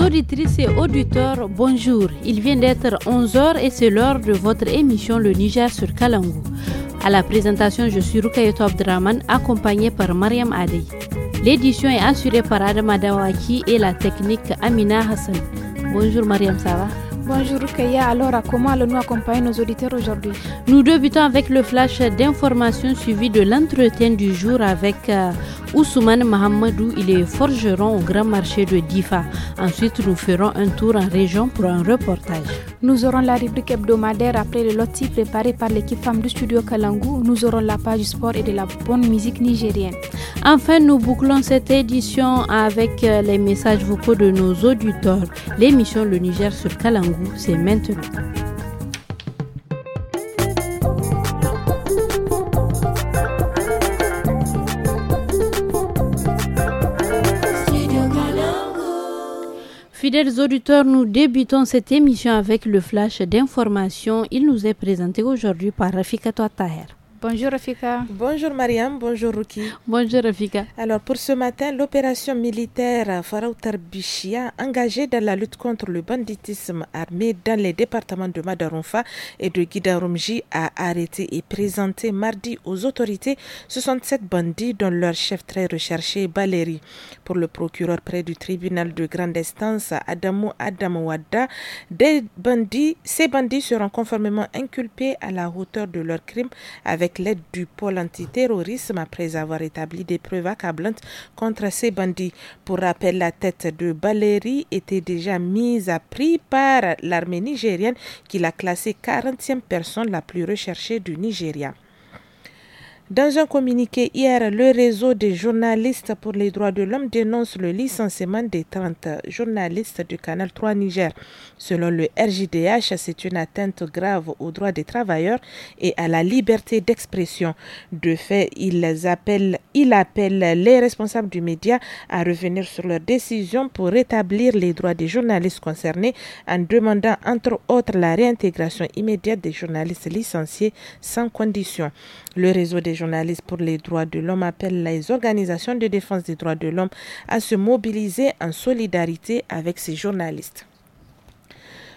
auditrices et auditeurs, bonjour. Il vient d'être 11h et c'est l'heure de votre émission Le Niger sur Kalangou. À la présentation, je suis Rukayoto Abdraman, accompagné par Mariam Adey. L'édition est assurée par Adam Adawaki et la technique Amina Hassan. Bonjour Mariam, ça Bonjour Kaya, alors comment allons-nous accompagner nos auditeurs aujourd'hui Nous débutons avec le flash d'informations suivi de l'entretien du jour avec euh, Ousmane Mahamadou, il est forgeron au grand marché de Difa. Ensuite, nous ferons un tour en région pour un reportage. Nous aurons la rubrique hebdomadaire après le loti préparé par l'équipe femme du studio Kalangu. Nous aurons la page du sport et de la bonne musique nigérienne. Enfin, nous bouclons cette édition avec euh, les messages vocaux de nos auditeurs. L'émission Le Niger sur Kalangu c'est maintenant. Fidèles auditeurs, nous débutons cette émission avec le flash d'information. Il nous est présenté aujourd'hui par Rafika Taher. Bonjour Rafika. Bonjour Mariam, bonjour Ruki. Bonjour Rafika. Alors pour ce matin, l'opération militaire Farao engagée dans la lutte contre le banditisme armé dans les départements de Madarumfa et de Guidarumji, a arrêté et présenté mardi aux autorités 67 bandits dont leur chef très recherché Baleri. Pour le procureur près du tribunal de grande instance Adamu Adamouada, des ces bandits seront conformément inculpés à la hauteur de leurs crimes avec avec l'aide du pôle antiterrorisme après avoir établi des preuves accablantes contre ces bandits. Pour rappel, la tête de Baleri était déjà mise à prix par l'armée nigérienne qui l'a classée 40e personne la plus recherchée du Nigeria. Dans un communiqué hier, le réseau des journalistes pour les droits de l'homme dénonce le licenciement des 30 journalistes du Canal 3 Niger. Selon le RJDH, c'est une atteinte grave aux droits des travailleurs et à la liberté d'expression. De fait, il appelle les responsables du média à revenir sur leur décision pour rétablir les droits des journalistes concernés en demandant entre autres la réintégration immédiate des journalistes licenciés sans condition. Le réseau des journalistes pour les droits de l'homme appelle les organisations de défense des droits de l'homme à se mobiliser en solidarité avec ces journalistes.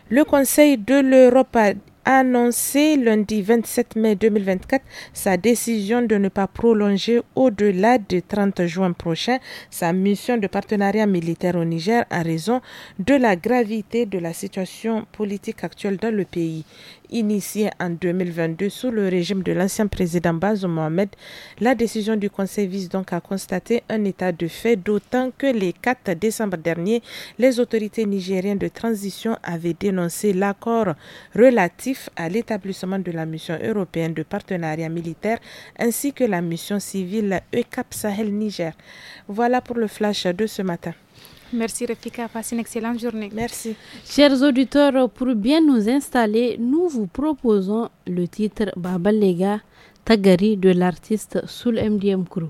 Le Conseil de l'Europe a annoncé lundi 27 mai 2024 sa décision de ne pas prolonger au-delà du 30 juin prochain sa mission de partenariat militaire au Niger en raison de la gravité de la situation politique actuelle dans le pays initié en 2022 sous le régime de l'ancien président Bazo Mohamed, la décision du Conseil vise donc à constater un état de fait, d'autant que les 4 décembre dernier, les autorités nigériennes de transition avaient dénoncé l'accord relatif à l'établissement de la mission européenne de partenariat militaire ainsi que la mission civile ECAP Sahel Niger. Voilà pour le flash de ce matin. Merci Refika, Passez une excellente journée. Merci. Chers auditeurs, pour bien nous installer, nous vous proposons le titre Baba Lega Tagari de l'artiste Soul MDM Crew.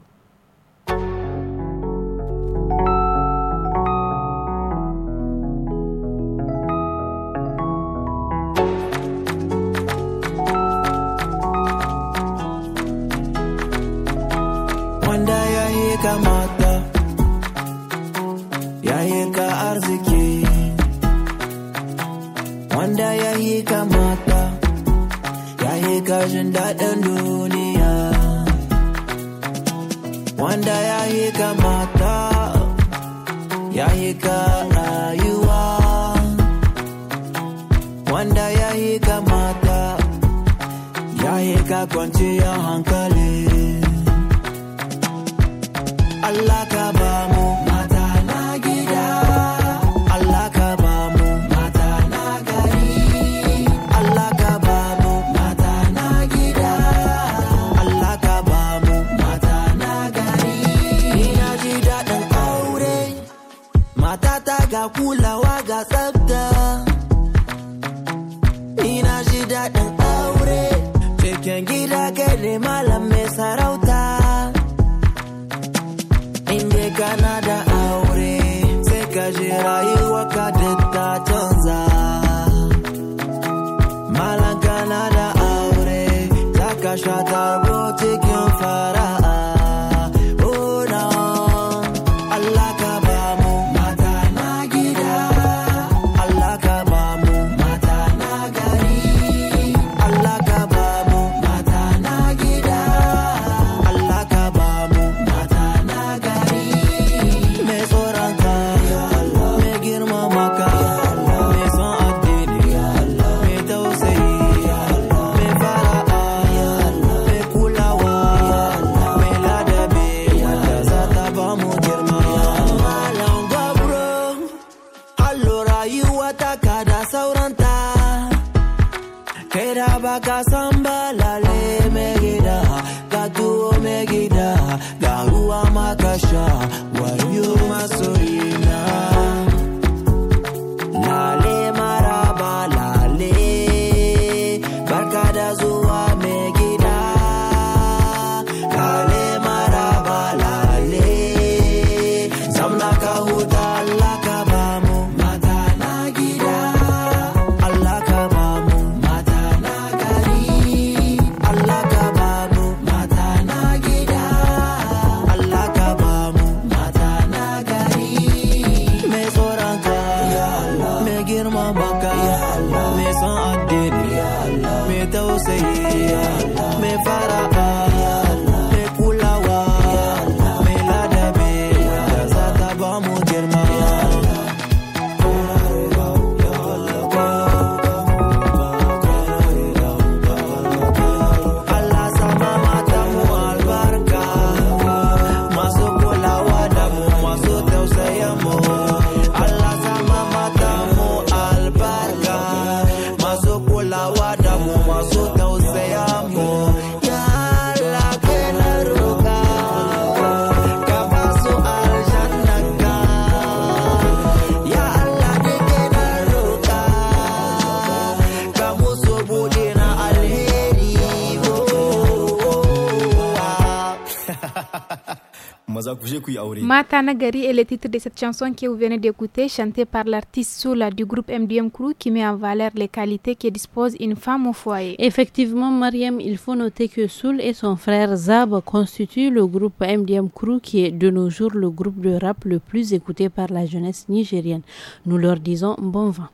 Matanagari Nagari est le titre de cette chanson que vous venez d'écouter, chantée par l'artiste Soula du groupe MDM Crew qui met en valeur les qualités que dispose une femme au foyer. Effectivement, Mariam, il faut noter que Soul et son frère Zab constituent le groupe MDM Crew qui est de nos jours le groupe de rap le plus écouté par la jeunesse nigérienne. Nous leur disons bon vent.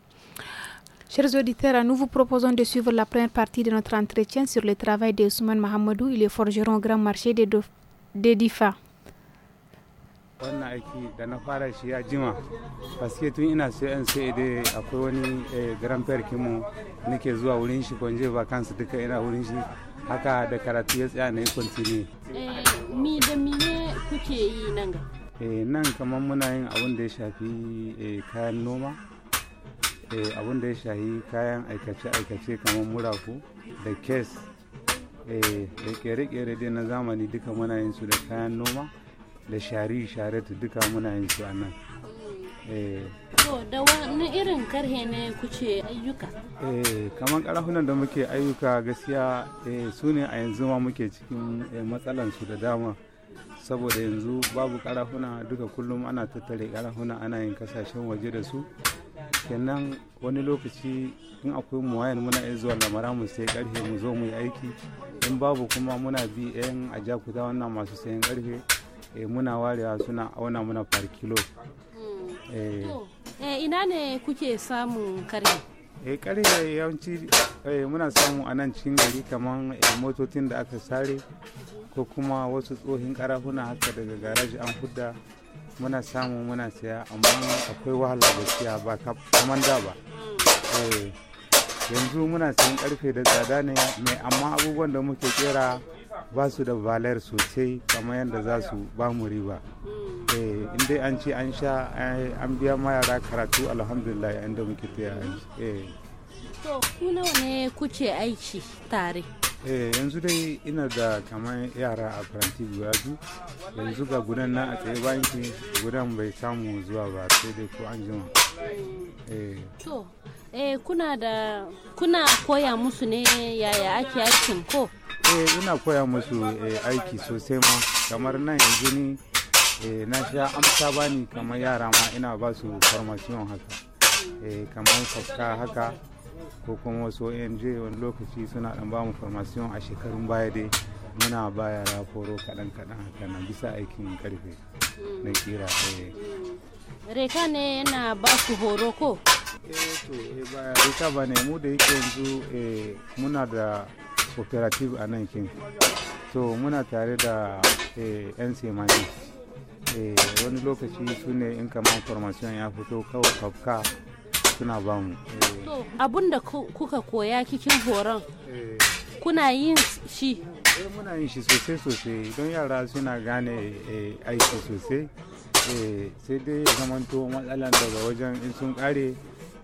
Chers auditeurs, nous vous proposons de suivre la première partie de notre entretien sur le travail d'Ousmane Mahamadou, il est forgeron au grand marché des, des DIFA. wannan aiki da na fara shi ya jima paske tun ina sai yan sai da akwai wani eh, grand fair kimo nake zuwa wurin shi kwanje ba kansu duka ina wurin shi haka da karatu ya tsaya na yi continue eh, mi da mi ne kuke yi nan ga eh, nan kamar muna yin abin da ya shafi kayan noma abin da ya shafi kayan aikace-aikace kamar murafu da kes da kere-kere dai na zamani duka muna yin su da kayan noma da shari sharatu duka muna yin su a nan eh. to da wani irin karhe ne kuce ayyuka eh kamar karahunan da muke ayyuka gaskiya eh, su ne a yanzu ma muke cikin eh, matsalan su da dama saboda yanzu babu karahuna duka kullum ana tattare karahuna ana yin kasashen waje da su kenan wani lokaci in akwai muwayan muna iya zuwa lamara mu sai karfe mu zo mu yi aiki in babu kuma muna bi yan ajakuta wannan masu sayan karfe Eh, muna warewa suna auna muna par kilo hmm. eh. Eh, ina ne kuke samun kare. eh karhe yawanci muna samu a nan cikin gari kamar motocin da aka sare ko kuma wasu tsohin karafuna haka daga garaji an hudda muna samu muna saya amma akwai wahala da siya ba kamar da ba hmm. yanzu muna sayan karfe da tsada ne mai amma abubuwan da muke kera ba su da valer sosai kamar yadda za su ba mu riba eh, in dai an ce an sha an biya ma yara karatu alhamdulillah inda muke ta eh. to ku nawa ne kuke aiki tare eh yanzu dai ina da kamar yara a faranti guda yanzu ga gudan na a tsaye banki gudan bai samu zuwa ba sai dai ko an jima eh. kuna da kuna koya musu ne yaya ake aikin ko eh ina koya musu eh, aiki sosai ma kamar nan yanzu ni eh, na sha amsa bani kamar yara ma ina ba su formation haka eh, kamar kafka haka ko kuma wasu ong wani lokaci suna dan ba mu formation a shekarun baya dai muna ba yara foro kaɗan kaɗan haka na bisa aikin karfe na kira reka ne yana ba su horo ko eh to eh ba reka ba ne mu da yake yanzu muna da cooperative a nan kin so muna tare da 'yan eh, semani eh, wani lokaci su ne in kama formation ya fito kawai kafka suna ba mu abun da kuka koya kikin horon eh. kuna yin shi muna yin shi sosai sosai don yara suna gane aiki sosai sai dai zamanto matsalan daga wajen in sun kare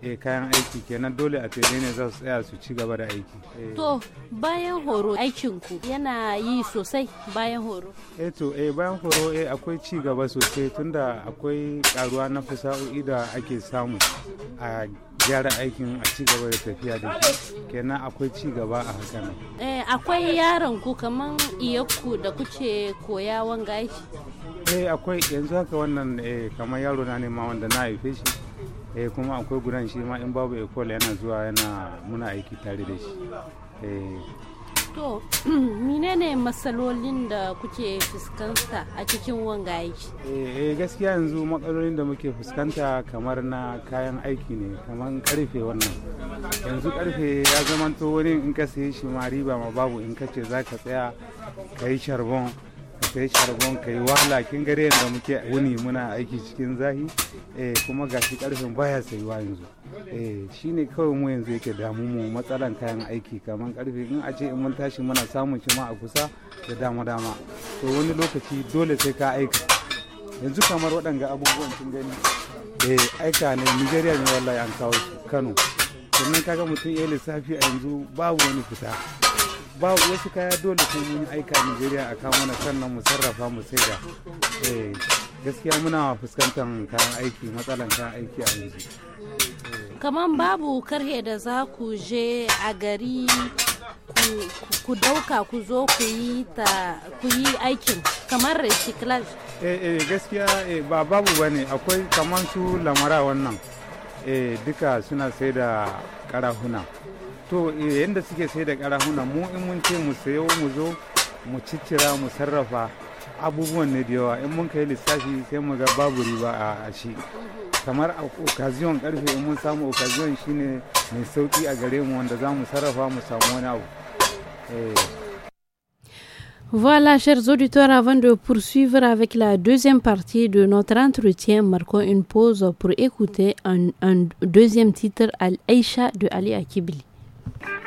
Eh, kayan aiki kenan dole a fere ne za su tsaya su ci gaba da aiki eh, to bayan horo aikinku yana yi sosai bayan horo eh to eh bayan horo eh akwai ci gaba sosai tunda akwai karuwa na fasa'o'i da ake samu a gyara aikin a ci gaba da tafiya da kenan akwai ci gaba a hakan eh akwai yaron ku kaman iyakku da kuce koya wanga eh akwai yanzu haka wannan eh kamar yaro na ne ma wanda na haife shi eh kuma akwai gudan shi ma in babu ecol yana zuwa yana muna aiki tare da shi eh. to menene matsalolin da kuke fuskanta a cikin wanga aiki eh, eh gaskiya yanzu matsalolin da muke fuskanta kamar na kayan aiki ne kamar karfe wannan yanzu karfe ya zamanto wani in ka sayi shi ma riba ma babu in ka ce za ka tsaya ka yi sharbon a sai shargon kai wahala kin gare da muke wuni muna aiki cikin zahi eh kuma gashi karfin baya sayuwa yanzu eh shine kawai mu yanzu yake damu mu matsalan kayan aiki kaman karfe in a ce in mun tashi muna samun shi ma a kusa da dama dama to wani lokaci dole sai ka aika yanzu kamar waɗanga abubuwan kin gani eh aika ne Nigeria ne wallahi an kawo Kano sannan kaga mutum ya lissafi a yanzu babu wani fita ba wasu kaya dole sun yi aika Nigeria a kama na sannan mu sarrafa mu sai da eh, gaskiya muna fuskantar kayan aiki matsalan kayan aiki a yanzu kamar babu karhe da za ku je a gari ku dauka ku zo ku yi aikin kamar recyclage eh eh gaskiya eh, ba babu bane akwai kaman su lamara wannan eh, duka suna sai da karahuna to eh, yadda suke sai da karahuna mu in mun ce mu sayo mu zo mu ciccira mu sarrafa abubuwan ne da yawa in mun kai lissafi sai mu ga babu riba a shi kamar a occasion karfe in mun samu occasion shine mai sauki a gare mu wanda za mu sarrafa mu samu wani abu eh. Voilà, chers auditeurs, avant de poursuivre avec la deuxième partie de notre entretien, marquons une pause pour écouter un, un deuxième titre, Al-Aïcha de Ali Akibili. Thank you.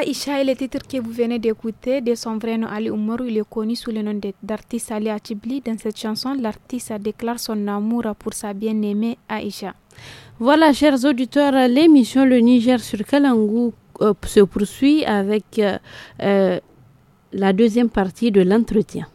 Aïcha est le titre que vous venez d'écouter de son vrai nom Ali Oumarou. Il est connu sous le nom d'artiste Ali Atibli. Dans cette chanson, l'artiste déclare son amour pour sa bien-aimée Aïcha. Voilà, chers auditeurs, l'émission Le Niger sur Kalangu euh, se poursuit avec euh, euh, la deuxième partie de l'entretien.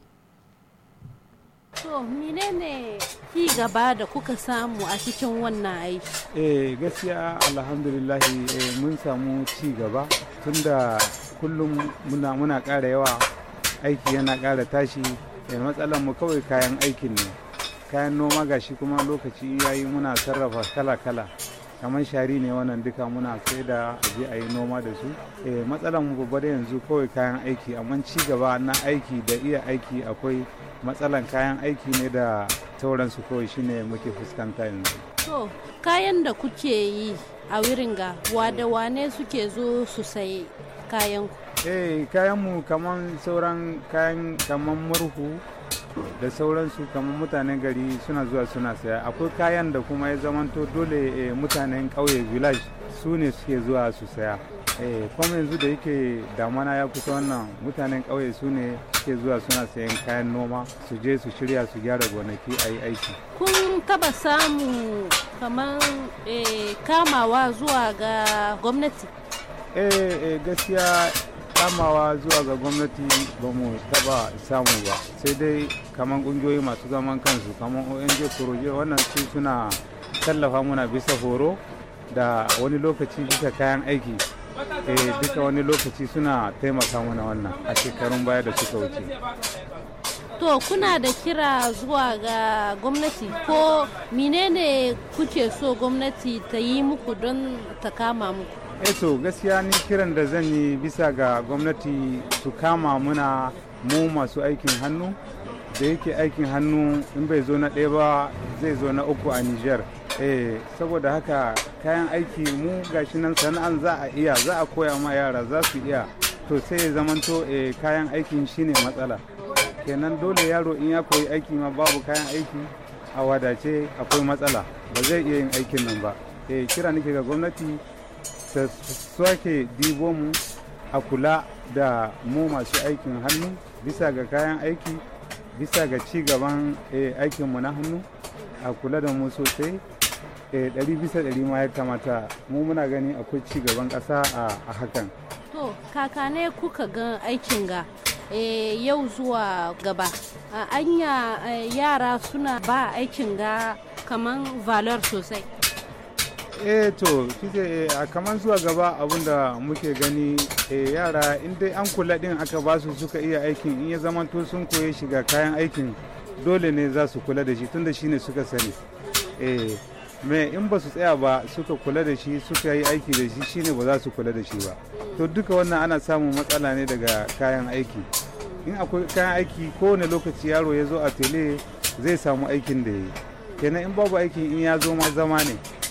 To, ne ci gaba da kuka samu a cikin wannan aiki? Eh, gaskiya alhamdulillahi eh, mun samu ci gaba tunda kullum muna muna ƙara yawa aiki yana ƙara tashi eh, matsalar mu kawai kayan aikin ne kayan noma gashi kuma lokaci yayi muna sarrafa kala-kala kamar shari ne wannan duka muna sai da aje a yi noma da su eh, matsalar mu babba yanzu kawai kayan aiki amma ci gaba na aiki da iya aiki akwai matsalan kayan aiki ne da sauransu kawai shine muke fuskanta yanzu to kayan da kuke yi a wurin wiringa wada wane suke zo su sayi kayan ku eh kayan mu kaman sauran kayan kaman murhu da sauransu kamar mutanen gari suna zuwa suna saya akwai kayan da kuma ya zamanto dole eh, mutanen ƙauye village su ne suke zuwa su saya eh, kuma yanzu da yake damana ya kusa wannan mutanen ƙauye su ne suke zuwa suna sayan kayan noma su je su shirya su gyara gonaki a yi aiki kun taba samu kamar eh, kamawa zuwa ga gwamnati eh gaskiya kamawa zuwa ga gwamnati ba mu taba samu ba sai dai kamar kungiyoyi masu zaman kansu kamar ong kuroje wannan su suna tallafa muna bisa horo da wani lokaci bisa kayan aiki e duka wani lokaci suna taimaka mana wannan a shekarun baya da suka wuce to kuna da kira zuwa ga gwamnati ko menene kuke so gwamnati ta yi muku don ta kama muku eto gaskiya ni kiran da zan yi bisa ga gwamnati su kama muna mu masu aikin hannu da yake aikin hannu in bai zo na ɗaya ba zai zo na uku a niger eh saboda haka kayan aiki mu gashi nan sana'an za a iya za a koya ma yara za su iya to sai ya zamanto e kayan aikin shine matsala kenan dole yaro in ya koyi aiki ma babu kayan aiki a wadace akwai matsala ba zai iya yin aikin nan ba e kira nake ga gwamnati ta sake dibo mu a kula da mu masu aikin hannu bisa ga kayan aiki bisa ga ci gaban eh, aikinmu na hannu a kula da mu sosai eh, ɗari bisa ɗari ma ya kamata mu muna gani akwai ci gaban ƙasa a hakan to kakane kuka ga aikin ga eh, yau zuwa gaba anya yara suna ba aikin ga kaman valar sosai eh to kike eh, a kaman zuwa gaba abinda muke gani eh, yara in dai an kula din aka ba su suka iya aikin in ya zama to sun koye shiga kayan aikin dole ne za su kula da shi tunda shi ne suka sani eh me in ba su tsaya ba suka kula da shi suka yi aiki da shi shine ba za su kula da shi ba to duka wannan ana samun matsala ne daga kayan aiki in akwai kayan aiki kowane lokaci yaro ya zo a tele zai samu aikin da ya yi kenan in babu aikin in ya zo ma zama ne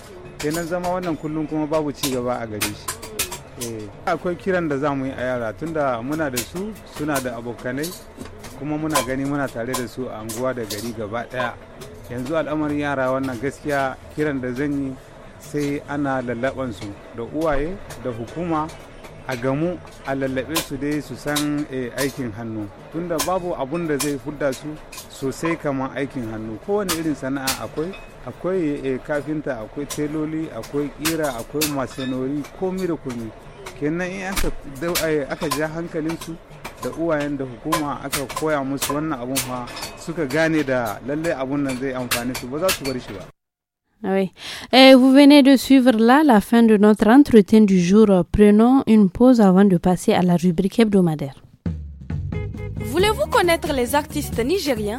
kenan zama wannan kullum kuma babu ci gaba a gare shi eh, akwai kiran da za mu yi a yara tunda muna da su suna da abokanai kuma muna gani muna tare da su a anguwa da gari gaba daya yanzu al'amarin yara wannan gaskiya kiran da zan yi sai ana su da uwaye da hukuma a gamu a lallabe su dai su san eh, aikin hannu tunda babu abun da zai fudda su sosai kamar aikin hannu kowane irin sana'a akwai akwai eh, kafinta akwai teloli akwai kira akwai masanori komai da komi kenan in eh, aka ja hankalinsu da uwayen da hukuma aka koya musu wannan abun fa suka gane da lallai abun nan zai amfani su ba za su bar shi ba Oui. Et vous venez de suivre là la fin de notre entretien du jour. Prenons une pause avant de passer à la rubrique hebdomadaire. Voulez-vous connaître les artistes nigériens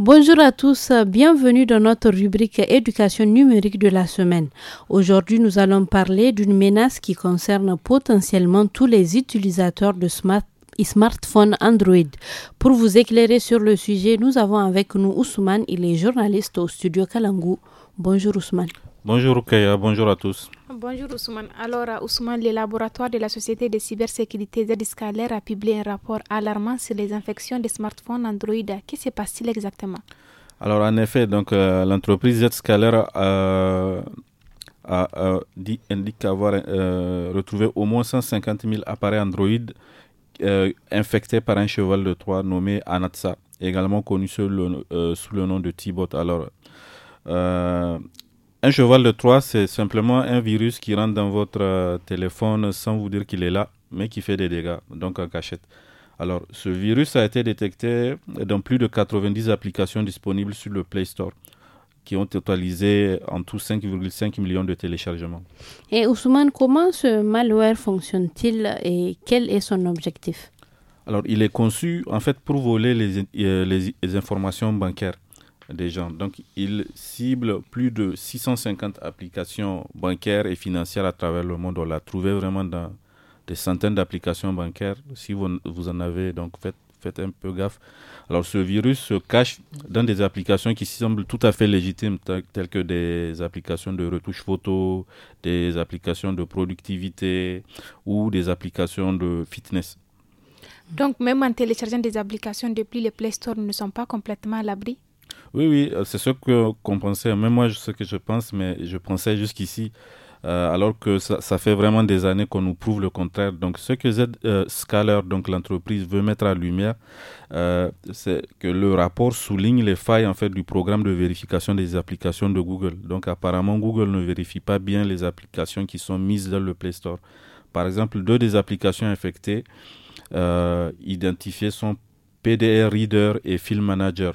Bonjour à tous, bienvenue dans notre rubrique éducation numérique de la semaine. Aujourd'hui, nous allons parler d'une menace qui concerne potentiellement tous les utilisateurs de smartphones Android. Pour vous éclairer sur le sujet, nous avons avec nous Ousmane, il est journaliste au studio Kalangu. Bonjour Ousmane. Bonjour Kaya, bonjour à tous. Bonjour Ousmane. Alors euh, Ousmane, les laboratoires de la Société de cybersécurité Zscaler a publié un rapport alarmant sur les infections des smartphones Android. Que se passe-t-il exactement Alors en effet, donc euh, l'entreprise Zscaler euh, a, indique avoir retrouvé au moins 150 000 appareils Android infectés par un cheval de Troie nommé Anatsa, également connu sous le, sous le nom de t Alors un cheval de Troie, c'est simplement un virus qui rentre dans votre euh, téléphone sans vous dire qu'il est là, mais qui fait des dégâts, donc en cachette. Alors, ce virus a été détecté dans plus de 90 applications disponibles sur le Play Store, qui ont totalisé en tout 5,5 millions de téléchargements. Et Ousmane, comment ce malware fonctionne-t-il et quel est son objectif Alors, il est conçu en fait pour voler les euh, informations bancaires des gens. Donc, il cible plus de 650 applications bancaires et financières à travers le monde. On l'a trouvé vraiment dans des centaines d'applications bancaires. Si vous, vous, en avez, donc faites, faites un peu gaffe. Alors, ce virus se cache dans des applications qui semblent tout à fait légitimes, telles que des applications de retouche photo, des applications de productivité ou des applications de fitness. Donc, même en téléchargeant des applications depuis les Play Store, ne sont pas complètement à l'abri oui, oui, euh, c'est ce que qu'on pensait. Même moi, ce que je pense, mais je pensais jusqu'ici, euh, alors que ça, fait vraiment des années qu'on nous prouve le contraire. Donc, ce que Z euh, donc l'entreprise, veut mettre à lumière, c'est que le rapport souligne les failles en fait du programme de vérification des applications de Google. Donc, apparemment, Google ne vérifie pas bien les applications qui sont mises dans le Play Store. Par exemple, deux des applications infectées identifiées sont PDR Reader et Film Manager.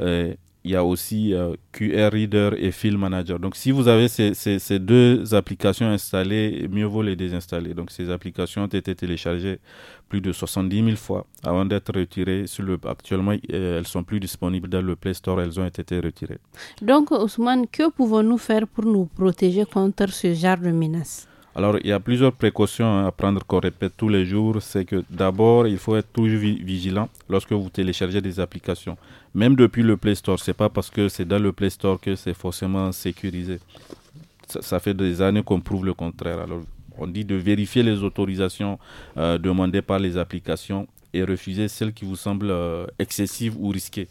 Euh, il y a aussi euh, QR Reader et Film Manager. Donc, si vous avez ces, ces, deux applications installées, mieux vaut les désinstaller. Donc, ces applications ont été téléchargées plus de 70 000 fois avant d'être retirées. Sur le, actuellement, elles euh, elles sont plus disponibles dans le Play Store. Elles ont été retirées. Donc, Ousmane, que pouvons-nous faire pour nous protéger contre ce genre de menaces alors, il y a plusieurs précautions à prendre qu'on répète tous les jours. C'est que d'abord, il faut être toujours vigilant lorsque vous téléchargez des applications. Même depuis le Play Store, ce n'est pas parce que c'est dans le Play Store que c'est forcément sécurisé. Ça, fait des années qu'on prouve le contraire. Alors, on dit de vérifier les autorisations euh, demandées par les applications et refuser celles qui vous semblent euh, excessives ou risquées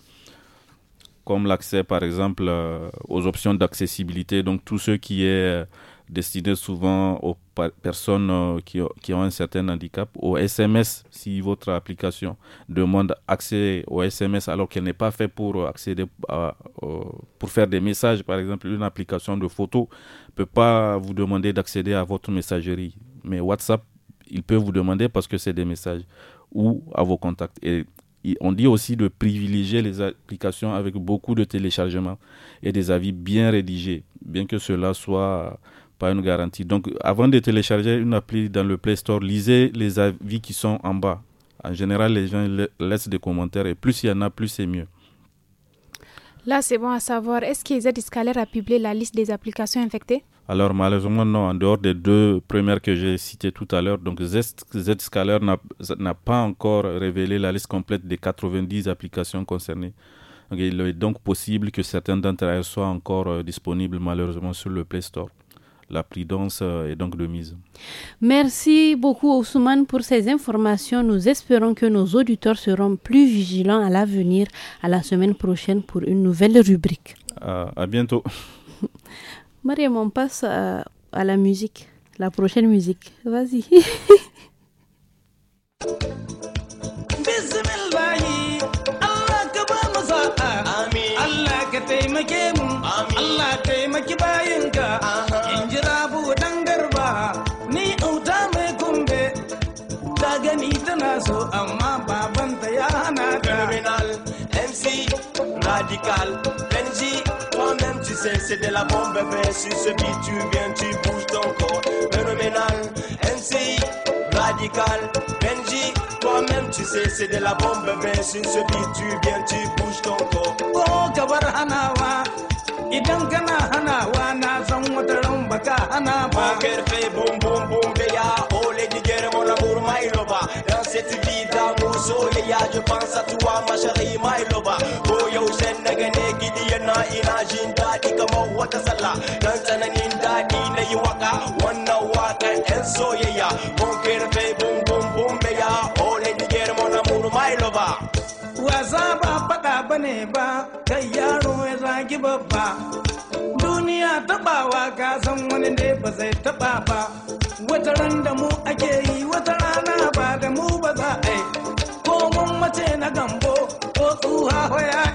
comme l'accès par exemple euh, aux options d'accessibilité, donc tout ce qui est destiné souvent aux personnes euh, qui ont, qui ont un certain handicap, au SMS, si votre application demande accès au SMS alors qu'elle n'est pas faite pour euh, accéder à, euh, pour faire des messages, par exemple, une application de photo ne peut pas vous demander d'accéder à votre messagerie. Mais WhatsApp, il peut vous demander parce que c'est des messages ou à vos contacts. Et on dit aussi de privilégier les applications avec beaucoup de téléchargements et des avis bien rédigés, bien que cela soit pas une garantie. Donc, avant de télécharger une appli dans le Play Store, lisez les avis qui sont en bas. En général, les gens laissent des commentaires et plus il y en a, plus c'est mieux. Là, c'est bon à savoir. Est-ce que Zscaler a publié la liste des applications infectées Alors, malheureusement, non. En dehors des deux premières que j'ai citées tout à l'heure, donc Zscaler n'a pas encore révélé la liste complète des 90 applications concernées. il est donc possible que certaines d'entre elles soient encore euh, disponibles, malheureusement, sur le Play Store la prudence est euh, donc de mise. Merci beaucoup Ousmane pour ces informations. Nous espérons que nos auditeurs seront plus vigilants à l'avenir, à la semaine prochaine pour une nouvelle rubrique. à bientôt. Mariam, on passe à, la musique, la prochaine musique. Vas-y. Allah c'est de la bombe, bébé. si ce beat, tu viens, tu bouges ton corps. Phénoménal, NC radical, Benji, toi-même, tu sais, c'est de la bombe, bébé. si ce beat, tu viens, tu bouges ton corps. Oh, Gawar Hanawa, Idan Gana Hanawa, Nazam Wataram Baka Hanawa. ya ji fansa tuwa mashari mai loba ko yaushe na gane gidi yana ina jin daɗi kamar wata sallah dan tsananin daɗi na yi waka wannan waka yan soyayya ko kirfe bumbum bumbe ya ole ni gere mona muru mai loba waza ba faɗa ne ba kai yaro ya zagi babba duniya taɓawa ka wani ne ba zai taɓa ba wata ran da mu ake yi wata rana ba da mu ba za a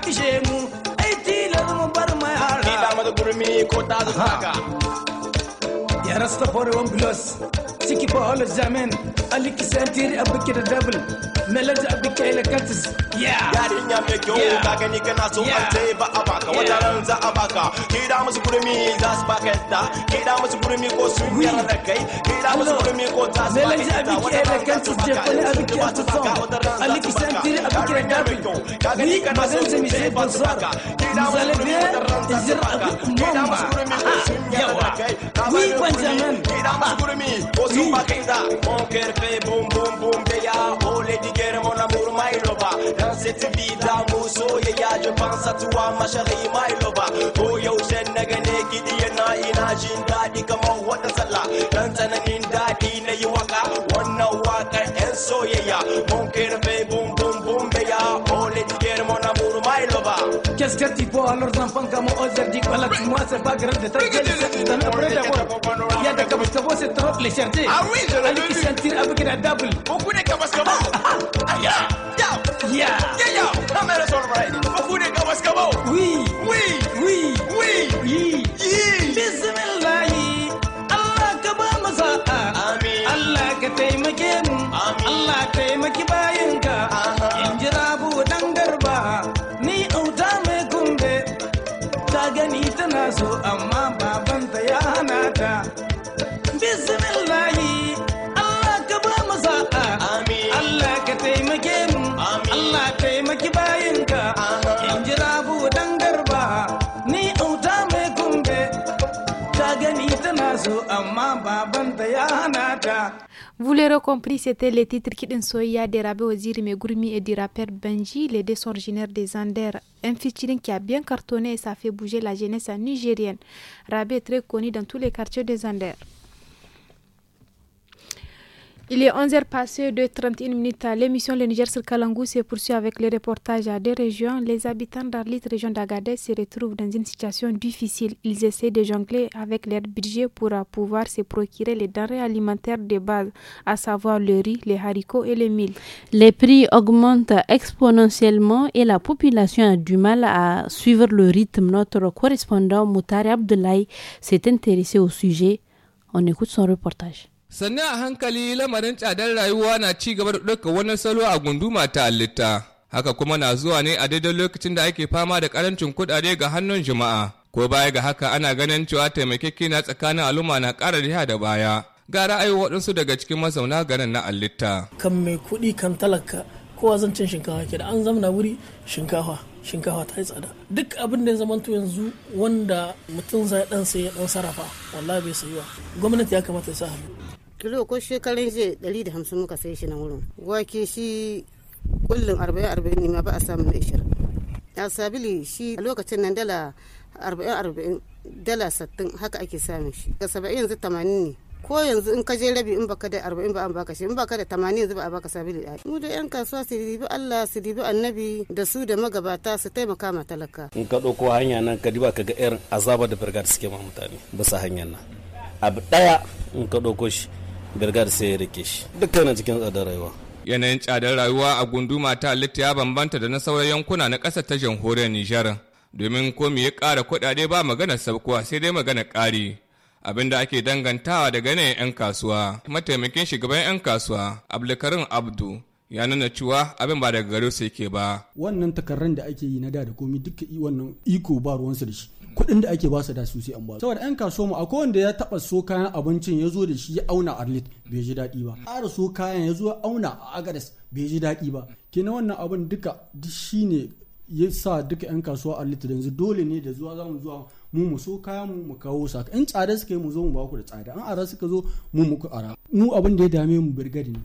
kishe mu ai tilar mu bar ma yara ni da mata gurmi ko ta zaka يا راس طبور ون بلس سيكي بقول الزمان قال لك سنتير ابك دبل melanta bi kai na katis yarinya mai kyau ka gani kana so kwance ba a baka wata ran za a baka ke da musu gurmi za su baka yadda ke da musu gurmi ko sun yarda da kai ke da musu gurmi ko ta su baka yadda wata ran za su ger mon amour my lover dans cette vie d'amour soyayya je pense à toi ma chérie my ko yaushe na gane ki na ina jin daɗi kamar wata sallah dan tsananin daɗi na yi waka wannan wakar 'yan soyayya Cascati po ah, amin amin Vous l'aurez compris, c'était le titre Kid Soya des Rabé Oziri Megurmi et du rappeur Benji. Les deux originaires des Anders. Un featuring qui a bien cartonné et ça fait bouger la jeunesse nigérienne. Rabé est très connu dans tous les quartiers des Anders. Il est 11h passé de 31 minutes. L'émission Le Niger sur Kalangou se poursuit avec les reportages à des régions. Les habitants d'Arlit, région d'Agadez, se retrouvent dans une situation difficile. Ils essaient de jongler avec leur budget pour pouvoir se procurer les denrées alimentaires de base, à savoir le riz, les haricots et les mil. Les prix augmentent exponentiellement et la population a du mal à suivre le rythme. Notre correspondant Moutari Abdoulaye s'est intéressé au sujet. On écoute son reportage. sannan a hankali lamarin tsadar rayuwa na ci gaba da ɗauka wani salo a gunduma ta halitta haka kuma na zuwa ne a daidai lokacin da ake fama da karancin kuɗaɗe ga hannun jama'a ko baya ga haka ana ganin cewa na tsakanin al'umma na ƙara riha da baya ga ra'ayi waɗansu daga cikin mazauna garin na alitta kan mai kuɗi kan talaka kowa zan cin shinkafa ke da an zamna wuri shinkafa shinkafa ta yi tsada duk abin da ya zamanto yanzu wanda mutum zai dan sai ya dan sarrafa wallahi bai sayuwa gwamnati ya kamata ya sa hannu kilo ko shekarun jiya ɗari da hamsin muka sai shi na wurin wake shi kullum arba'in arba'in ne ma ba a samu na ishirin a sabili shi a lokacin nan dala arba'in arba'in dala sattin haka ake samun shi ga saba'in yanzu tamanin ne ko yanzu in ka je rabi in baka da arba'in ba an baka shi in baka da tamanin yanzu ba a baka sabili ɗaya mu da yan kasuwa su dibi Allah su dibi annabi da su da magabata su taimaka ma talaka in ka ɗauko hanya nan ka diba ka ga irin azaba da birgar suke ma mutane bisa hanyar nan abu ɗaya in ka ɗauko shi birgar sai ya rike shi dukkan cikin tsadar rayuwa yanayin tsadar rayuwa a gunduma ta halitta ya bambanta da na sauran yankuna na ƙasar ta jamhuriyar nijar domin ko ya ƙara kuɗaɗe ba maganar saukuwa sai dai magana ƙari abin da ake dangantawa daga ne 'yan kasuwa mataimakin shugaban 'yan kasuwa abdulkarim abdu ya nuna cewa abin ba daga gare sai ke ba wannan takarran da ake yi na da da komi duka wannan iko ba ruwansu da shi kuɗin da ake basu da su sai an ba saboda yan kasuwa mu akwai wanda ya taba so kayan abincin ya zo da shi ya auna arlit bai ji daɗi ba ƙara so kayan ya zo ya auna a agadas bai ji daɗi ba kenan wannan abin duka duk ne ya sa duka yan kasuwa arlit yanzu dole ne da zuwa za mu zuwa mu mu so kayan mu mu kawo saka in tsada suka yi mu zo mu ba ku da tsada in ara suka zo mu muku ara mu abin da ya dame mu birgadi ne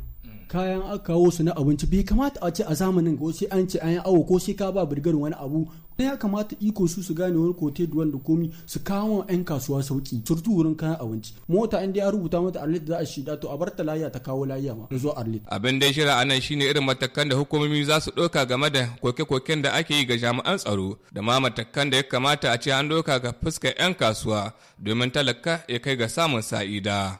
kayan aka kawo su na abinci bai kamata a ce a zamanin ga sai an ce an yi awo ko sai ka ba birgar wani abu ya kamata iko su su gane wani kote duwan da komi su kawo yan kasuwa sauki surtu wurin kayan abinci mota in dai rubuta mata arlit za a shida to a bar ta layya ta kawo layya ma zo arlit abin dai shirin anan shine irin matakan da hukumomi za su ɗauka game da koke-koken da ake yi ga jami'an tsaro da ma matakan da ya kamata a ce an ɗauka ga fuskar yan kasuwa domin talaka ya kai ga samun sa'ida.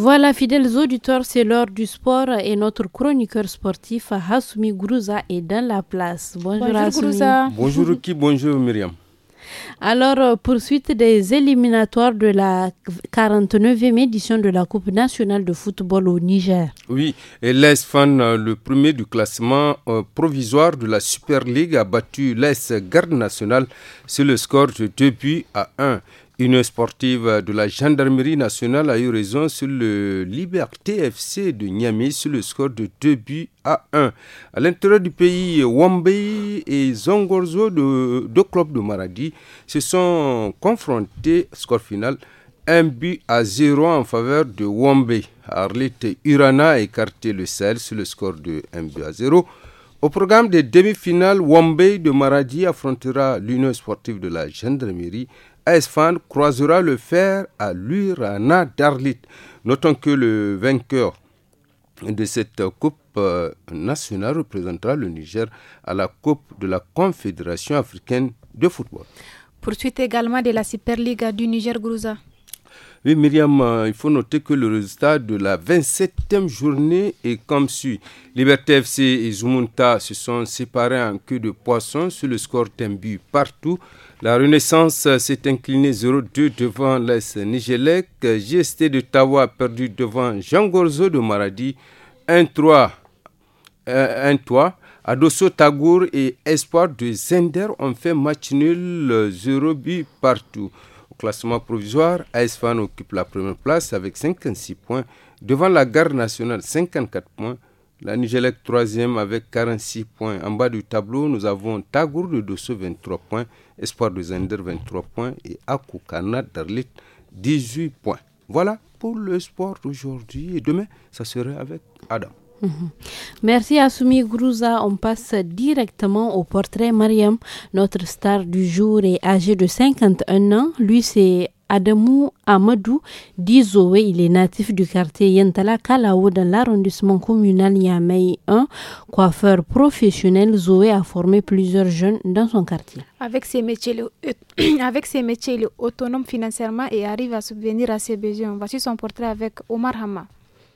Voilà, fidèles auditeurs, c'est l'heure du sport et notre chroniqueur sportif Hassoumi Grouza est dans la place. Bonjour, bonjour Bonjour qui, bonjour Myriam. Alors, euh, poursuite des éliminatoires de la 49e édition de la Coupe nationale de football au Niger. Oui, et Fan, euh, le premier du classement euh, provisoire de la Super League, a battu l'AS Garde nationale sur le score de 2 buts à 1. Une sportive de la gendarmerie nationale a eu raison sur le Liberté FC de Niamey sur le score de 2 buts à 1. À l'intérieur du pays, Wambei et Zongorzo, de, deux clubs de Maradi, se sont confrontés, score final, 1 but à 0 en faveur de Wambei. Arlette Urana a écarté le Sahel sur le score de 1 but à 0. Au programme des demi-finales, Wambei de Maradi affrontera l'Union sportive de la gendarmerie ASFAN croisera le fer à l'Urana d'Arlit. Notons que le vainqueur de cette Coupe euh, nationale représentera le Niger à la Coupe de la Confédération africaine de football. Poursuite également de la Super Superliga du Niger-Grouza. Oui, Myriam, euh, il faut noter que le résultat de la 27e journée est comme suit. Liberté FC et Zumunta se sont séparés en queue de poisson sur le score Tembu partout. La Renaissance s'est inclinée 0-2 devant l'Est Nigelec. GST de Tawa a perdu devant Jean Gorzo de Maradi. 1-3. 1-3. Euh, Adosso Tagour et Espoir de Zender ont fait match nul 0 but partout. Au classement provisoire, ASFAN occupe la première place avec 56 points devant la Garde nationale 54 points la Nigélec troisième avec 46 points. En bas du tableau, nous avons Tagour de Dosso 23 points, Espoir de Zender 23 points et Akukana, Darlit 18 points. Voilà pour le sport d'aujourd'hui et demain, ça serait avec Adam. Merci Asumi Grouza. On passe directement au portrait Mariam. Notre star du jour est âgé de 51 ans. Lui, c'est Adamu Amadou dit Zoé, il est natif du quartier Yentala Kalao dans l'arrondissement communal Yamei 1. Coiffeur professionnel, Zoé a formé plusieurs jeunes dans son quartier. Avec ses métiers, avec ses métiers il est autonome financièrement et arrive à subvenir à ses besoins. Voici son portrait avec Omar Hama.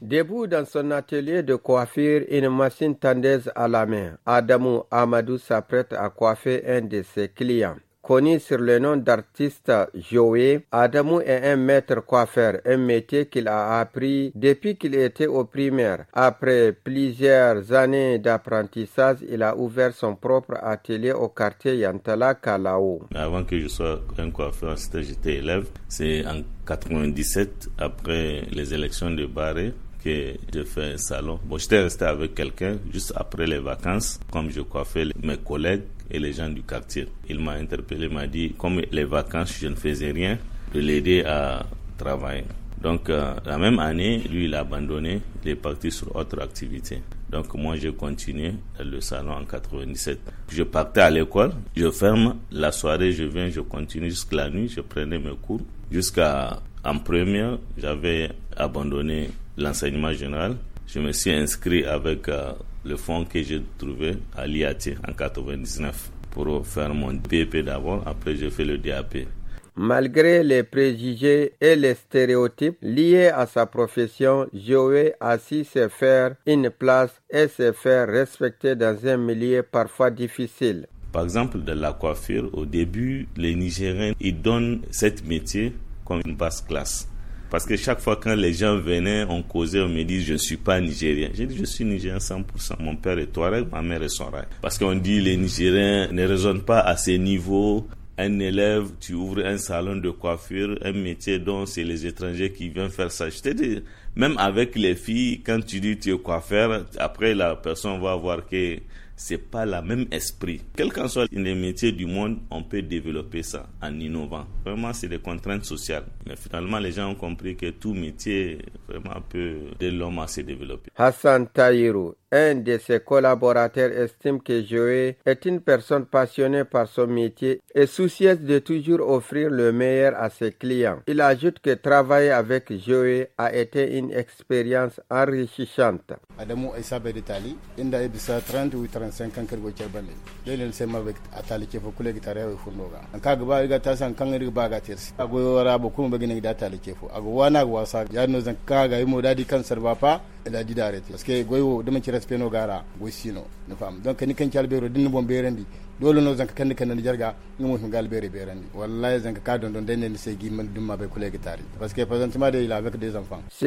Debout dans son atelier de coiffure, une machine tendeuse à la main, Adamu Amadou s'apprête à coiffer un de ses clients connu sur le nom d'artiste Joey, Adamu est un maître coiffeur, un métier qu'il a appris depuis qu'il était au primaire. Après plusieurs années d'apprentissage, il a ouvert son propre atelier au quartier Yantala Kalao. Avant que je sois un coiffeur, j'étais élève. C'est en 97, après les élections de Barré, que j'ai fait un salon. Bon, j'étais resté avec quelqu'un juste après les vacances, comme je coiffais mes collègues et les gens du quartier. Il m'a interpellé, m'a dit, comme les vacances, je ne faisais rien, de l'aider à travailler. Donc euh, la même année, lui, il a abandonné, il est parti sur autre activité. Donc moi, j'ai continué le salon en 97. Je partais à l'école, je ferme, la soirée, je viens, je continue jusqu'à la nuit, je prenais mes cours. Jusqu'à en première, j'avais abandonné l'enseignement général. Je me suis inscrit avec euh, le fonds que j'ai trouvé à l'IAT en 99 pour faire mon BP d'abord, après j'ai fait le DAP. Malgré les préjugés et les stéréotypes liés à sa profession, Joey a su se faire une place et se faire respecter dans un milieu parfois difficile. Par exemple, dans la coiffure, au début, les Nigériens, ils donnent cet métier comme une basse classe. Parce que chaque fois quand les gens venaient, on causait, on me dit je ne suis pas nigérien. J'ai dit je suis nigérien 100%. Mon père est Touareg, ma mère est rêve. Parce qu'on dit les Nigériens ne raisonnent pas à ces niveaux un élève, tu ouvres un salon de coiffure, un métier dont c'est les étrangers qui viennent faire ça. Je même avec les filles, quand tu dis tu es coiffeur, après la personne va voir que c'est pas la même esprit. Quel qu'en soit les métiers du monde, on peut développer ça en innovant. Vraiment, c'est des contraintes sociales. Mais finalement, les gens ont compris que tout métier, vraiment, peut, de l'homme à se développer. Hassan un de ses collaborateurs estime que Joey est une personne passionnée par son métier et soucieuse de toujours offrir le meilleur à ses clients. Il ajoute que travailler avec Joey a été une expérience enrichissante. gaspeno gara wesino ne fam donc ni kan calbe din dinno bon be ce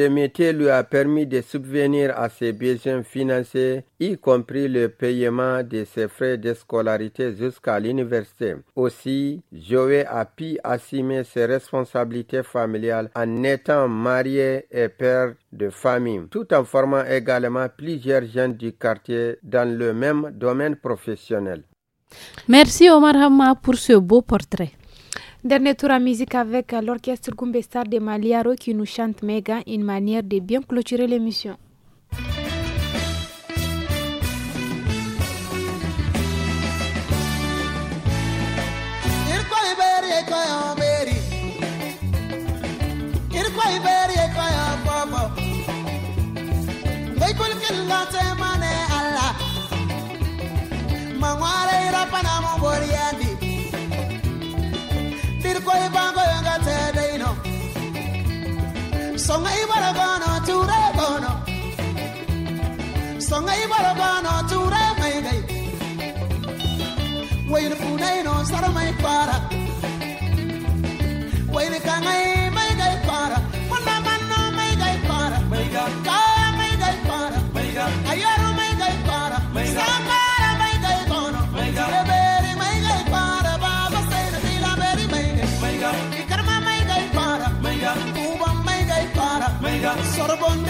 métier lui a permis de subvenir à ses besoins financiers y compris le paiement de ses frais de scolarité jusqu'à l'université aussi Joey a pu assumer ses responsabilités familiales en étant marié et père de famille tout en formant également plusieurs jeunes du quartier dans le même domaine professionnel Merci Omar Hamma pour ce beau portrait. Dernier tour à musique avec euh, l'orchestre Gumbestar de Maliaro qui nous chante Mega, une manière de bien clôturer l'émission. Songa ibara gano ture gano. Songa ibara gano ture mai gai. Wayin funai no sar mai para. Wayin kangai mai gai para. Mana manno mai gai para. Mai gai. Sorbonne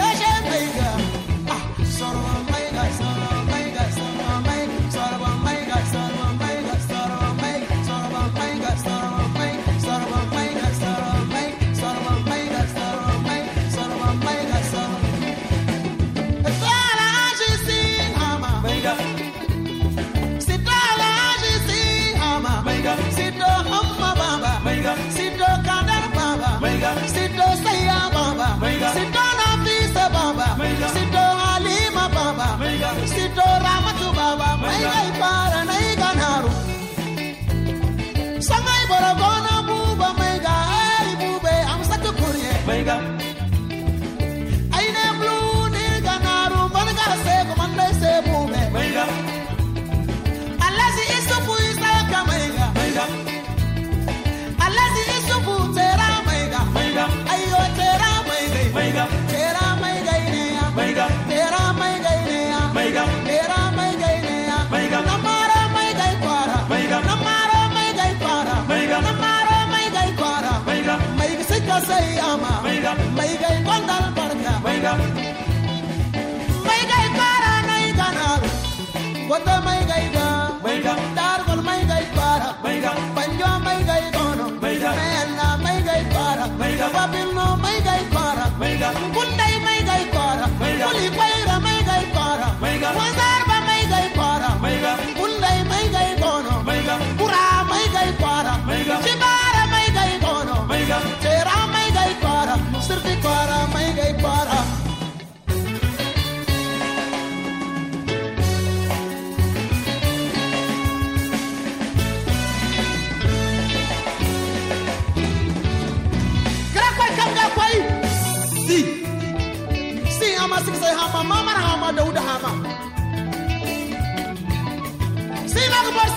la say ama may gay gondal barka may gay para nay ganar wata may gay ga dar gol may gay para panjo may gay gono mena may gay para babil no may gay para kunday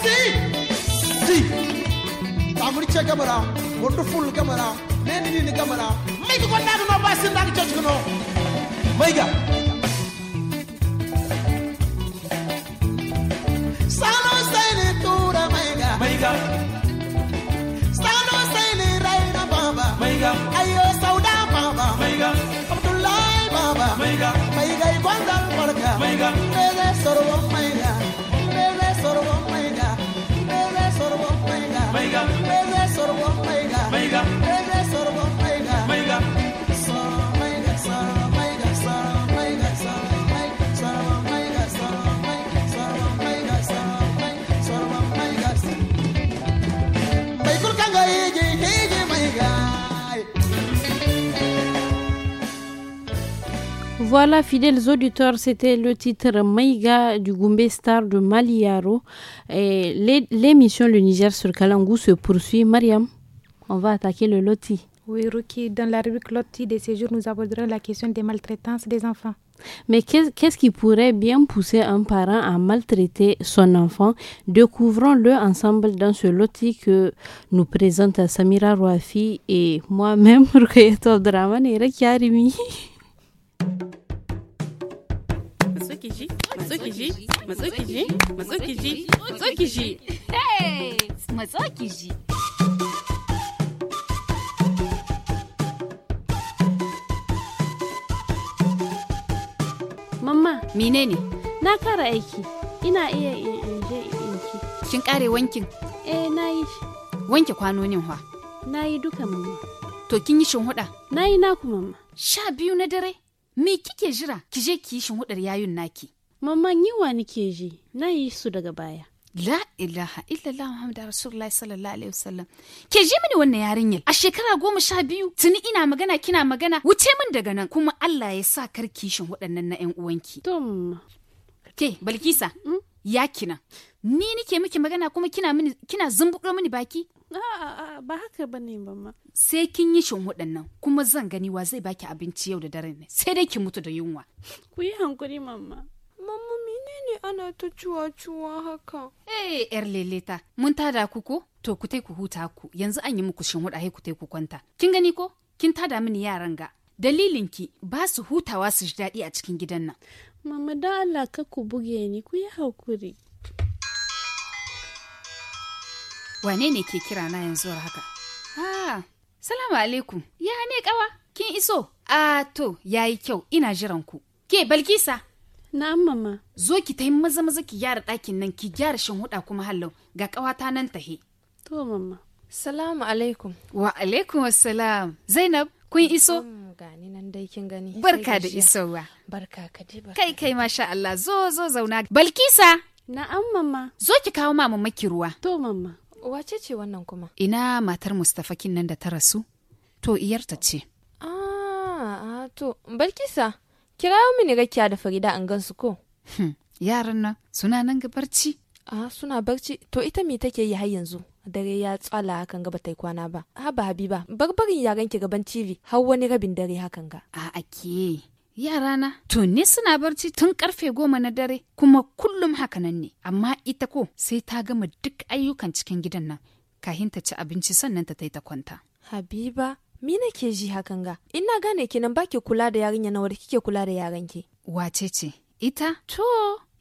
see, see. Tanguricha kamera, wonderful kamera, neni ni kamera. Maybe go na no ba sin na church no. Maiga. Sano sai ne tura maiga. Maiga. Sano sai ne rai na baba. Maiga. Ayo sauda baba. Maiga. Abdullahi baba. Maiga. Maiga gondal barka. Maiga. Mere sorwa maiga. Voilà, fidèles auditeurs, c'était le titre Maïga du Goumbé Star de Maliaro. L'émission Le Niger sur Kalangou se poursuit. Mariam, on va attaquer le loti. Oui, Ruki, dans la rubrique loti de ces nous aborderons la question des maltraitances des enfants. Mais qu'est-ce qui pourrait bien pousser un parent à maltraiter son enfant Découvrons-le ensemble dans ce loti que nous présente Samira Rouafi et moi-même, et Abdraman et matso ki ji matso ki mamma menene na kara aiki ina iya in je in ki kin kare wankin eh na yi shi wanke kwanonin hwa na yi duka mamma to kin yi shinhuda na yi naku mamma sha biyu na dare me kike jira ki je ki yi shinhudar yayun naki mamman yiwa nake ji na yi su daga baya la ilaha illallah muhammadu rasulullahi sallallahu alaihi wasallam ke ji mini wannan yarinyar a shekara goma sha biyu tuni ina magana kina magana wuce min daga nan kuma allah ya sa kar kishin waɗannan na yan uwanki ke balkisa hmm? ya kina ni nike miki magana kuma kina mini kina zumbuɗo mini baki a'a ba haka ba ne ba ma. sai kin yi shin waɗannan kuma zan gani wa zai baki abinci yau da dare ne sai dai ki mutu da yunwa ku yi hankuri mamma mine ne ana ta cuwa-cuwa haka? Eh, yar leleta, mun tada ku ko? To ku ku huta ku, yanzu an yi muku wuɗa ku ku kwanta. Kin gani ko? Kin tada mini yaran ga. Dalilinki ba su hutawa su ji daɗi a cikin gidan nan. Mama da Allah ka ku buge ni ku yi hakuri. Wane ne ke kira na yanzu haka? Ah, salamu alaikum. Ya ne kawa? Kin iso? Ah, to, yayi kyau, ina jiran ku. Ke, Balkisa, Na'am mama. Zo ki ta yi maza maza ki gyara ɗakin nan ki gyara shan huɗa kuma hallau ga ƙawata nan ta he. To mama. Salamu alaikum. Wa alaikum assalam. Zainab kun iso? Mm, gani nan dai kin gani. Barka da isowa. Barka ka dai barka. Kai kai masha Allah zo zo zauna. Balkisa. Na'am mama. Zo ki kawo mama maki ruwa. To mama. Wace ce wannan kuma? Ina matar Mustapha kin nan da ta rasu? To iyarta ce. Ah, ah to Balkisa. Kirayo mini rakiya da Farida an gansu ko? Hmm, yaran nan suna nan ga barci. Ah, suna barci. To ita me take yi har yanzu? Dare ya tsala hakan ga bata kwana ba. Haba Habiba, barbarin yaran ki gaban TV har wani rabin dare hakan ga. A ake. yarana to ni suna barci tun karfe goma na dare kuma kullum hakanan ne amma ita ko sai ta gama duk ayyukan cikin gidan nan kahin ta ci abinci sannan ta ta kwanta habiba mina ke ji hakan ga? ina gane kenan baki kula da yarinya na da kike kula da yaranki. Wace ce? Ita? To,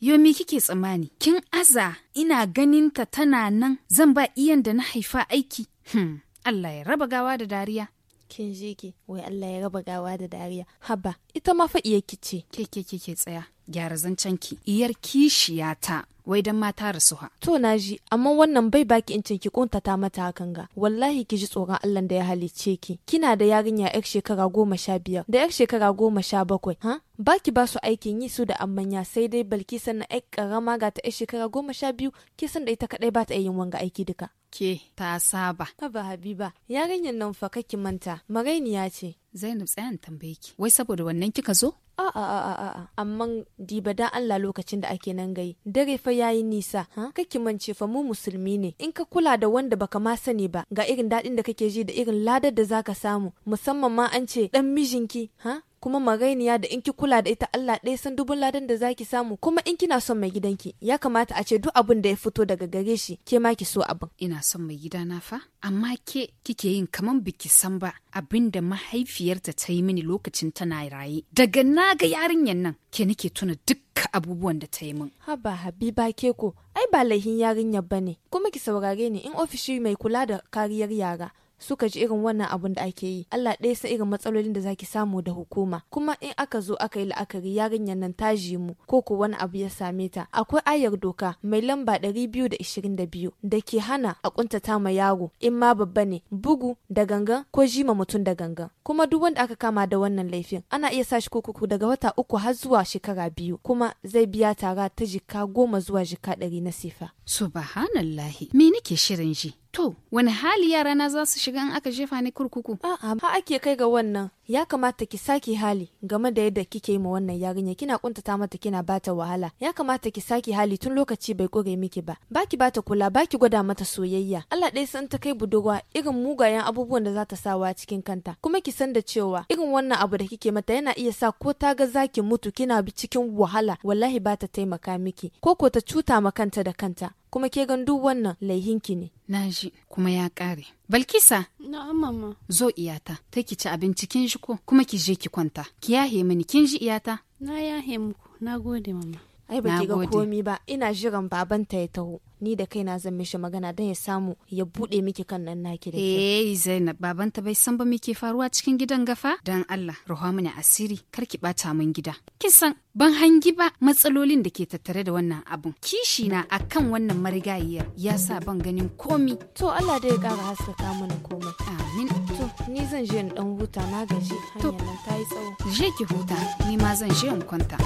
yomi kike tsammani? Kin aza ina ganin ta tana nan zan ba iyan da na haifa aiki. Hmm. Allah ya raba gawa da dariya. kin je ki wai Allah ya raba gawa da dariya haba ita ma fa iyarki ce ke ke ke ke tsaya gyara zancen ki iyar kishiyata wai dan mata rasuha to na ji amma wannan bai baki in ki kuntata mata hakan ga wallahi ki ji tsoron Allah da ya halicce ki kina da yarinya yar shekara goma sha biyar da yar shekara goma sha bakwai ha baki ba su aikin yi su da amanya sai dai balki sannan yar karama ga ta yar shekara goma sha biyu ki san da ita kadai ba ta yin wanga aiki duka ke ta saba. kaba Habiba, yarinyar nan fa kake manta, ya ce. Zainab tsayan tambaye ki, wai saboda wannan kika zo? A'a a'a a amma diba da Allah lokacin da ake nan gai, dare fa yayi nisa, ha? Kake mance fa mu musulmi ne, in ka kula da wanda baka ma sani ba, ga irin daɗin da kake ji da irin ladar da zaka samu, musamman ma an ce ɗan mijinki, ha? kuma magainiya da in ki kula da ita Allah ɗaya san dubun ladan da zaki samu kuma in kina son mai gidanki ya kamata a ce duk abin da ya fito daga gare shi ke ma ki so abin ina son mai na fa amma ke kike yin kaman biki san ba abin da mahaifiyarta ta yi mini lokacin tana raye daga na ga yarinyar nan ke nake tuna duk abubuwan da ta yi min haba habiba ke ko ai ba laihin yarinyar ne. kuma ki saurare ni in ofishi mai kula da kariyar yara suka ji irin wannan abun da ake yi Allah ɗaya san irin matsalolin da zaki samu da hukuma kuma in aka zo aka yi la'akari yarinyar nan ta ji mu ko ko wani abu ya same ta akwai ayar doka mai lamba ɗari biyu da da da biyu ke hana a kuntata ma yaro in ma babba ne bugu da gangan ko jima mutum da gangan kuma duk wanda aka kama da wannan laifin ana iya sa shi kurkuku daga wata uku har zuwa shekara biyu kuma zai biya tara ta jika goma zuwa jika ɗari na sifa subhanallahi me nake shirin ji To, wani hali yarana za su shiga in aka jefa ni kurkuku? A'a, ha ake kai ga wannan. Ya kamata ki sake hali game da yadda kike yi ma wannan yarinya kina kuntata mata kina bata wahala. Ya kamata ki sake hali tun lokaci bai kore miki ba. Baki bata kula, baki gwada mata soyayya. Allah ɗaya san ta kai budurwa irin mugayen abubuwan da za ta sawa cikin kanta. Kuma ki san da cewa irin wannan abu da kike mata yana iya sa ko ta ga za ki mutu kina bi cikin wahala, wallahi bata taimaka miki. Ko ko ta cuta ma kanta da kanta. kuma ke gan duk wannan laihinki ne. Na ji kuma ya kare. Balkisa. Na mama. Zo iyata, ta ki ci abinci kin shi ko kuma ki je ki kwanta. Ki yahe mini kin ji iyata? Na yahe muku, na gode mama. ai ba ki ga komi ba ina jiran babanta ya taho ni da kaina zan mishi magana don ya samu ya bude miki kan nan naki da eh Zainab babanta bai san ba me faruwa cikin gidan gafa dan Allah ruha mini asiri kar ki bata mun gida kin san ban hangi ba matsalolin da ke tattare da wannan abun kishi na akan wannan marigayiyar ya sa ban ganin komi to Allah dai ya kara haskaka mana komai amin to ni zan je in dan huta na gaji hanyar nan ta yi tsawo je ki huta ni ma zan je in kwanta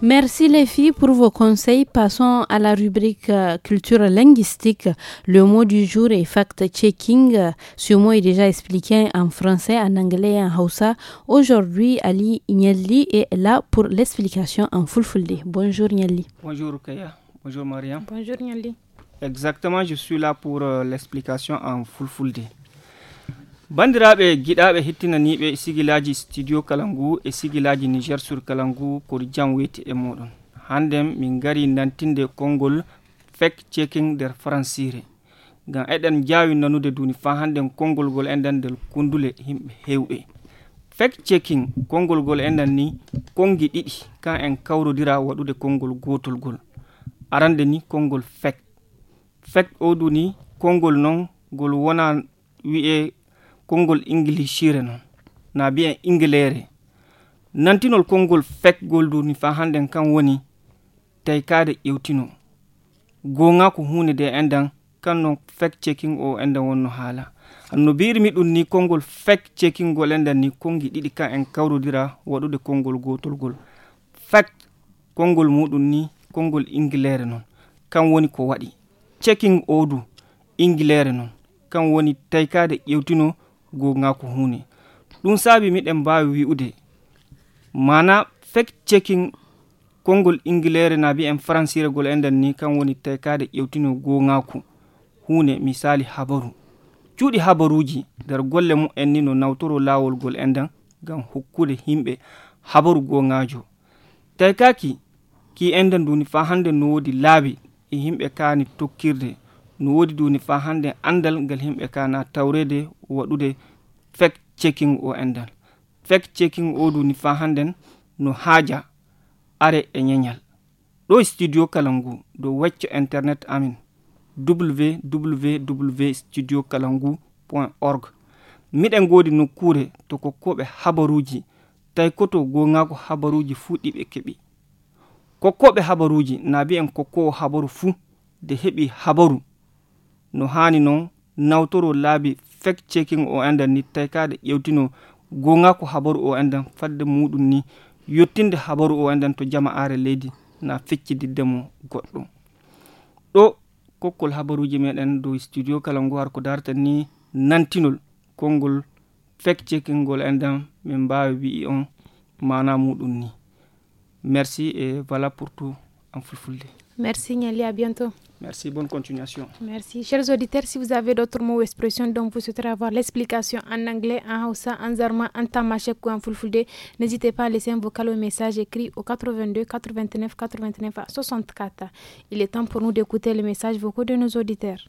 Merci les filles pour vos conseils. Passons à la rubrique euh, culture linguistique. Le mot du jour est fact-checking. Euh, ce mot est déjà expliqué en français, en anglais et en hausa. Aujourd'hui, Ali Nyelli est là pour l'explication en fulfulde. Bonjour Nyelli. Bonjour Kaya. Bonjour Marianne. Bonjour Nyelli. Exactement, je suis là pour euh, l'explication en fulfulde. bandiraɓe giɗaɓe hettinaniɓe sigilaji studio kalangu e sigilaji niger sur kalangu pour jam weyti e moɗon hannden min gari nantinde konngol fek checking nder françire ngam eɗen jawi nanude duni fa hannden konngol gol enɗan nder kundule himɓe hewɓe fek checking konngol gol enɗan ni konngi ɗiɗi kan en kawrodira waɗude konngol gotol gol arande ni konngol fek fek o duni konngol noon gol wona wi'e konngol englishire noon na mbiyen englere nantinol konngol fekgol duni fa hannden kan woni tawi kaade ƴewtino goonga ko hunde de endan kanno fek checking o enden wonno haala anno mbirimi ɗum ni konngol fek checking gol enden ni konngi ɗiɗi kan en kawrodira waɗude konngol gotolgol fek konngol muɗum ni konngol englere noon kan woni ko waɗi checking o du englere noon kan woni tawi kaade ƴewtino go ngako hunde sabi saabi miɗen mbawi wi'ude mana fact checking kongol ingilere na bi en franciregol enɗen ni kan woni taykade ƴewtino gongaku hune misali habaru cuuɗi habaruji nder golle en ni no nawtoro gol enden ngam hokkude himbe habaru gongajo taykaki ki enden duni fa hande no di labi e himɓe kani tokkirde no wodi duni fa hande andal ngal himɓe kana tawrede waɗude checking o endal fact checking o duni fa handen no haja are e ñeñal e studio kalangu. Do dow internet amin www studio kala ngu point org miɗen godi nokkure to kokkoɓe habaruji tawi koto gongako habaruji fuu ɗiɓe keɓi kokkoɓe habaruji na en koko habaru fu de Hebi habaru no hani noon labi laabi checking o andan ni yotino, gonga ko habaru o andan de muɗum ni yottinde habaru o andan to are na feccididde mo goɗɗum ɗo kokkol habaruji meɗen dow studio kala ngowar ko ni nantinol konngol fek checking endan min memba mana merci et voilà pour tout en fulfulde merci à bientôt Merci, bonne continuation. Merci. Chers auditeurs, si vous avez d'autres mots ou expressions dont vous souhaitez avoir l'explication en anglais, en haussa, en zarma, en tamashek ou en fulfulde, n'hésitez pas à laisser un vocal ou message écrit au 82 89 89 à 64. Il est temps pour nous d'écouter les messages vocaux de nos auditeurs.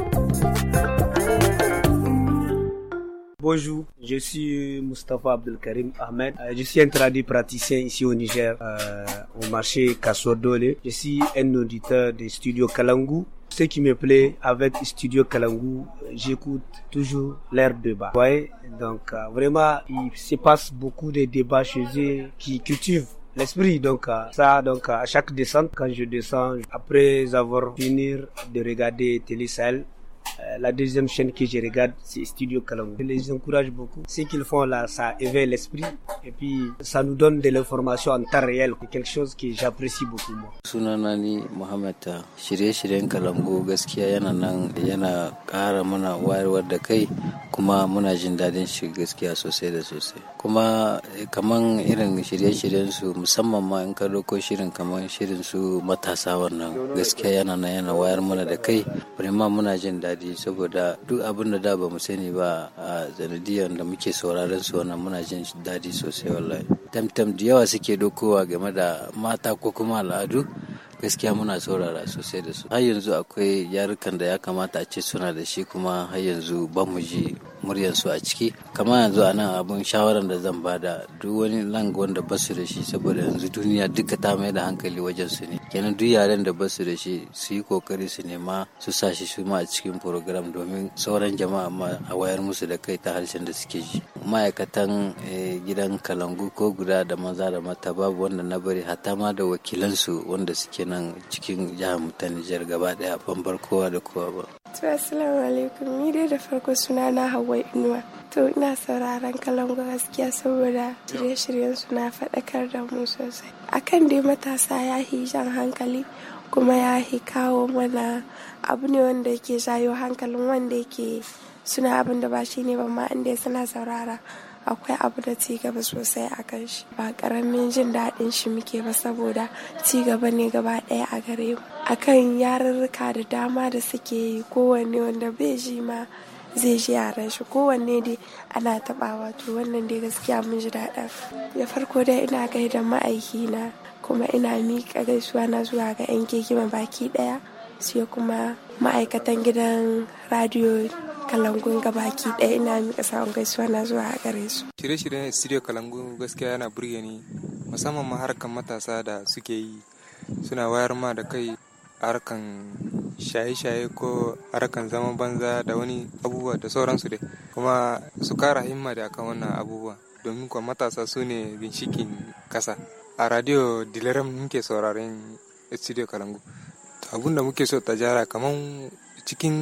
Bonjour, je suis Mustapha Abdelkarim Ahmed. Euh, je suis un traduit praticien ici au Niger, euh, au marché Kassordole. Je suis un auditeur des studios Kalangu. Ce qui me plaît avec Studio Kalangu, j'écoute toujours l'air de Vous voyez, donc euh, vraiment, il se passe beaucoup de débats chez eux qui cultivent l'esprit. Donc ça, donc à chaque descente, quand je descends, après avoir fini de regarder Télé Sahel, euh, la deuxième chaîne que je regarde, c'est Studio Kalangu. Je les encourage beaucoup. Ce qu'ils font là, ça éveille l'esprit et puis ça nous donne de l'information en temps réel. C'est quelque chose que j'apprécie beaucoup. Moi. Sunanani Mohamed, euh, shirye-shiryen Kalangu gaskiya yana nan yana Kara muna wayarwar da kai kuma muna jin daɗin shi gaskiya sosai da sosai. Kuma eh, kaman irin shirye-shiryen su musamman ma in ka ɗauko shirin kaman shirin su matasa wannan gaskiya yana nan yana wayar mana da kai. prema muna jin saboda duk abin da da ba mu sani ba a zanadiyar da muke sauraron su wannan muna jin daɗi sosai wallahi tamtam da yawa suke dokowa game da mata ko kuma al'adu gaskiya muna saurara sosai da su har yanzu akwai yarukan da ya kamata a ce suna da shi kuma har yanzu ba mu ji muryar su a ciki kamar yanzu anan abun abin shawarar da zan bada duk wani lang wanda ba su da shi saboda yanzu duniya duka ta mai da hankali wajen su ne kenan duk yaren da ba su da shi su yi kokari su nema su sa shi su ma a cikin program domin sauran jama'a ma a wayar musu da kai ta harshen da suke ji ma'aikatan eh, gidan kalangu ko guda da maza da mata babu wanda na bari hatta ma da wakilansu wanda suke nan cikin jihar mutane ta Nijar gaba daya ban bar kowa da kowa ba. To assalamu alaikum ni dai da farko suna na hawa Inuwa. To ina sauraron kalan gaskiya saboda shirye-shiryen suna faɗakar da mu sosai. Akan dai matasa ya hi jan hankali kuma ya hi kawo mana abu ne wanda ke jayo hankalin wanda ke suna abin da ba shi ne ba ma inda suna saurara. akwai abu da ci gaba sosai a kan shi ba karamin jin daɗin shi muke ba saboda ci gaba ne gaba ɗaya a gare mu akan yarurruka da dama da suke yi kowanne wanda bai ji ma zai ji yaran shi kowanne dai ana taɓawa to wannan dai gaskiya mun ji daɗin da farko dai ina gaida ma'aiki na kuma ina miƙa gaisuwa na zuwa ga 'yan kekima baki ɗaya sai kuma ma'aikatan gidan radiyo kalangun gabaki ɗaya ina miƙa sabon gaisuwa na zuwa a gare su shirye-shiryen studio kalangun gaskiya yana burge ni musamman ma harkan matasa da suke yi suna wayar ma da kai harkan shaye-shaye ko harkan zaman banza da wani abubuwa da sauransu dai kuma su kara himma da akan wannan abubuwa domin kuwa matasa su ne ginshikin kasa a radio dilaram muke sauraren studio kalangu abun da muke so ta jara kaman cikin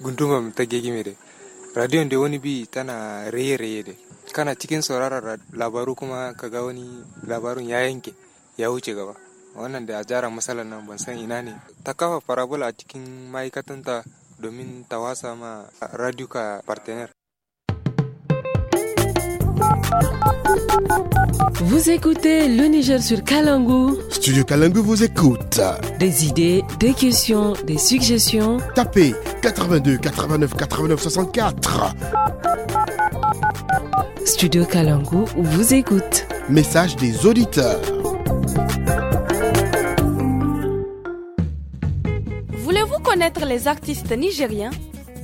gundumar ta gegime da radiyon da wani bi tana raye-raye da kana cikin sauraron labaru kuma ka ga wani labarun ya yanke ya wuce gaba wannan da a jara matsalar nan ban san ina ne ta kafa farabula a cikin ma'aikatanta domin ta wasa ma ka partener Vous écoutez le Niger sur Kalangu. Studio Kalangu vous écoute. Des idées, des questions, des suggestions. Tapez 82 89 89 64. Studio Kalangu vous écoute. Message des auditeurs. Voulez-vous connaître les artistes nigériens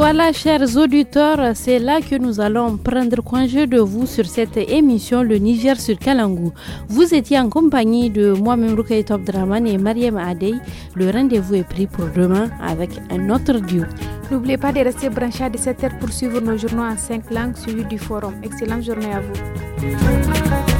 Voilà, chers auditeurs, c'est là que nous allons prendre congé de vous sur cette émission Le Niger sur Kalangou. Vous étiez en compagnie de moi-même Rukai Top et Mariam Adey. Le rendez-vous est pris pour demain avec un autre duo. N'oubliez pas de rester branchés à 17h pour suivre nos journaux en cinq langues suivis du forum. Excellente journée à vous.